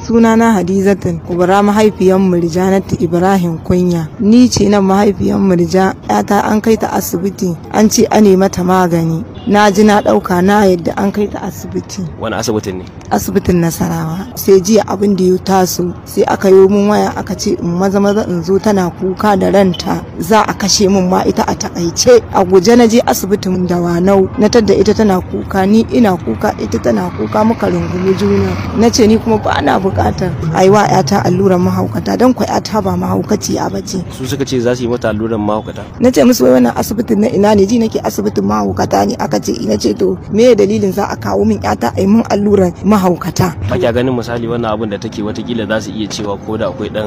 sunana Hadizatun Kubra mahaifiyan Murjanatu Ibrahim Kunya. Ni ce nan mahaifiyan Murja ta an kai ta asibiti an ce a yi mata magani. Na ji na ɗauka na yadda an kai ta asibiti. Wani asibitin ne? Asibitin Nasarawa. Sai jiya abin da ya taso sai aka yi min waya aka ce in maza maza in zo tana kuka da ranta za a kashe min ma ita a takaice a guje na je asibitin da wanau na tadda ita tana kuka ni ina kuka ita tana kuka muka rungumi juna na ce ni kuma ba na bukatar a yi wa yata alluran mahaukata don kwa yata ba mahaukaci a bace su suka ce za su yi mata alluran mahaukata na ce musu wai wannan asibitin na ina ne ji nake asibitin mahaukata ne aka ce ina ce to me dalilin za a kawo min yata a yi min alluran mahaukata ba kya ganin misali wannan abin da take watakila za su iya cewa ko da akwai dan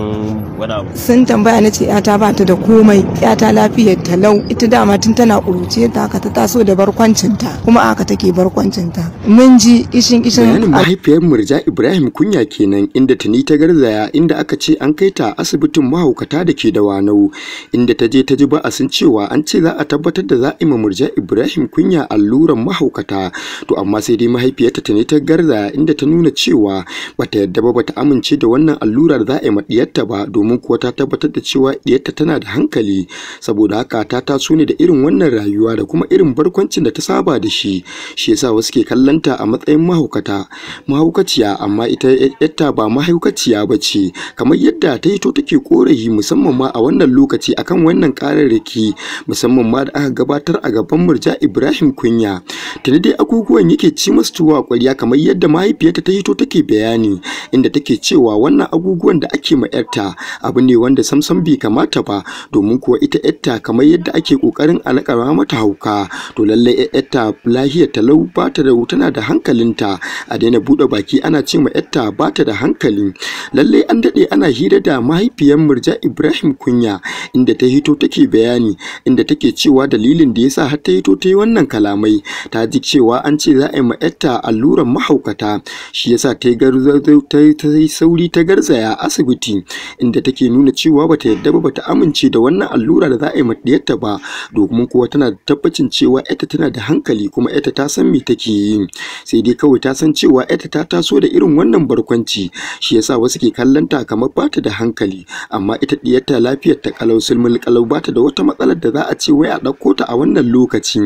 wani abu sun tambaya na ce yata ba ta da komai yata lafiyar ta lau ita dama tun tana ƙuruce ta haka ta taso da barkwancinta kuma haka take barkwancinta mun ji ishin ishin bayanin mahaifiyar murja ibrahim kunya kenan inda tuni ta garzaya inda aka ce an kai ta asibitin mahaukata da ke da wanau inda ta je ta ji ba'asin cewa an ce za a tabbatar da za a ima murja ibrahim kunya alluran mahaukata to amma sai dai mahaifiyarta ta ne ta garzaya inda ta nuna cewa bata yadda ba bata amince da wannan allurar za a yi ma diyarta ba domin kuwa ta tabbatar da cewa diyarta tana da hankali saboda haka ta taso ne da irin wannan rayuwa da kuma irin barkwancin da ta saba da shi shi yasa wasu ke kallanta a matsayin mahaukata mahaukaciya amma ita yatta ba mahaukaciya ba ce kamar yadda ta yi hito take korayi musamman ma a wannan lokaci akan wannan kararraki musamman ma da aka gabatar a gaban murja ibrahim kunya tuni dai abubuwan yake ci masu tuwa kwarya kamar yadda mahaifiyarta ta yi to take bayani inda take cewa wannan abubuwan da ake ma yarta abu ne wanda samsam bai kamata ba domin kuwa ita yatta kamar yadda ake kokarin a mata hauka to lallai yatta lahiyar talau ba ta da tana da hankalinta a daina bude baki ana ce ma yatta ba ta da hankali lallai an dade ana hira da mahaifiyar murja ibrahim kunya inda ta hito take bayani inda take cewa dalilin da yasa har ta hito ta yi wannan kalamai ta ji cewa an ce za a yi ma yatta alluran mahaukata shi yasa ta yi sauri ta garzaya asibiti inda take nuna cewa bata yadda ba bata amince da wannan allura da za a yi maɗiyarta ba domin kuwa tana da tabbacin cewa ita tana da hankali kuma ita ta san me take yi sai dai kawai ta san cewa ita ta taso da irin wannan barkwanci shi yasa wasu ke kallon ta kamar bata da hankali amma ita ɗiyarta lafiyar ta kalau sulmul kalau bata da wata matsalar da za a ce wai a ɗauko ta a wannan lokaci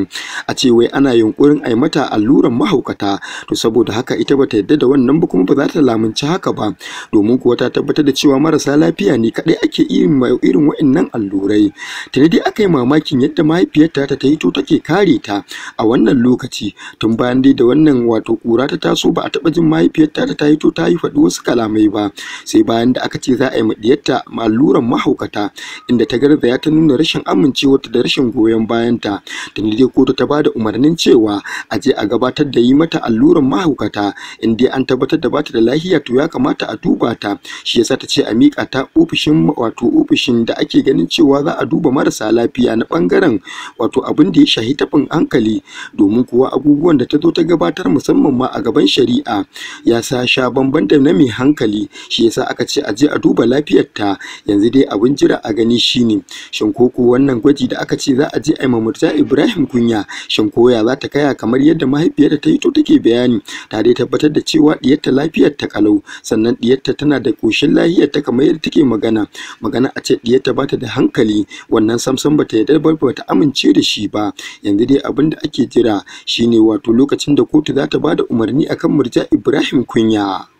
a ce wai ana yunkurin a yi mata alluran mahaukata to saboda haka ita ba ta yadda da wannan ba kuma ba za ta lamunci haka ba domin kuwa ta tabbatar da cewa marasa lafiya ne kaɗai ake irin irin wa'annan allura turai tuni dai aka yi mamakin yadda mahaifiyarta ta ta yi to take kare ta a wannan lokaci tun bayan dai da wannan wato kura ta taso ba a taba jin mahaifiyarta ta ta yi to ta yi faɗi wasu kalamai ba sai bayan da aka ce za a yi maɗiyarta alluran mahaukata inda ta garzaya ta nuna rashin amincewa da rashin goyon bayanta tun dai kotu ta ba da umarnin cewa a je a gabatar da yi mata alluran mahaukata in dai an tabbatar da bata da lahiya to ya kamata a duba ta shi yasa ta ce a miƙa ta ofishin wato ofishin da ake ganin cewa cewa za a duba marasa lafiya na ɓangaren wato abin da ya shahi tafin hankali domin kuwa abubuwan da ta zo ta gabatar musamman ma a gaban shari'a ya sa sha bamban da na mai hankali shi yasa aka ce a je a duba lafiyar ta yanzu dai abin jira a gani shine shin ko wannan gwaji da aka ce za a je a yi mamurta Ibrahim kunya shin koya za ta kaya kamar yadda mahaifiyarta ta yi to take bayani ta dai tabbatar da cewa diyarta lafiyar ta kalau sannan diyarta tana da koshin lafiyar ta kamar yadda take magana magana a ce diyarta ba ta da hankali hankali wannan samson bata yarda ba bata amince da shi ba yanzu dai abin da ake jira shine wato lokacin da kotu za ta bada umarni akan murja ibrahim kunya